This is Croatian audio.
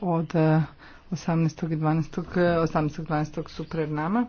od 18. Eh, i 12. 18. 12. su pred nama.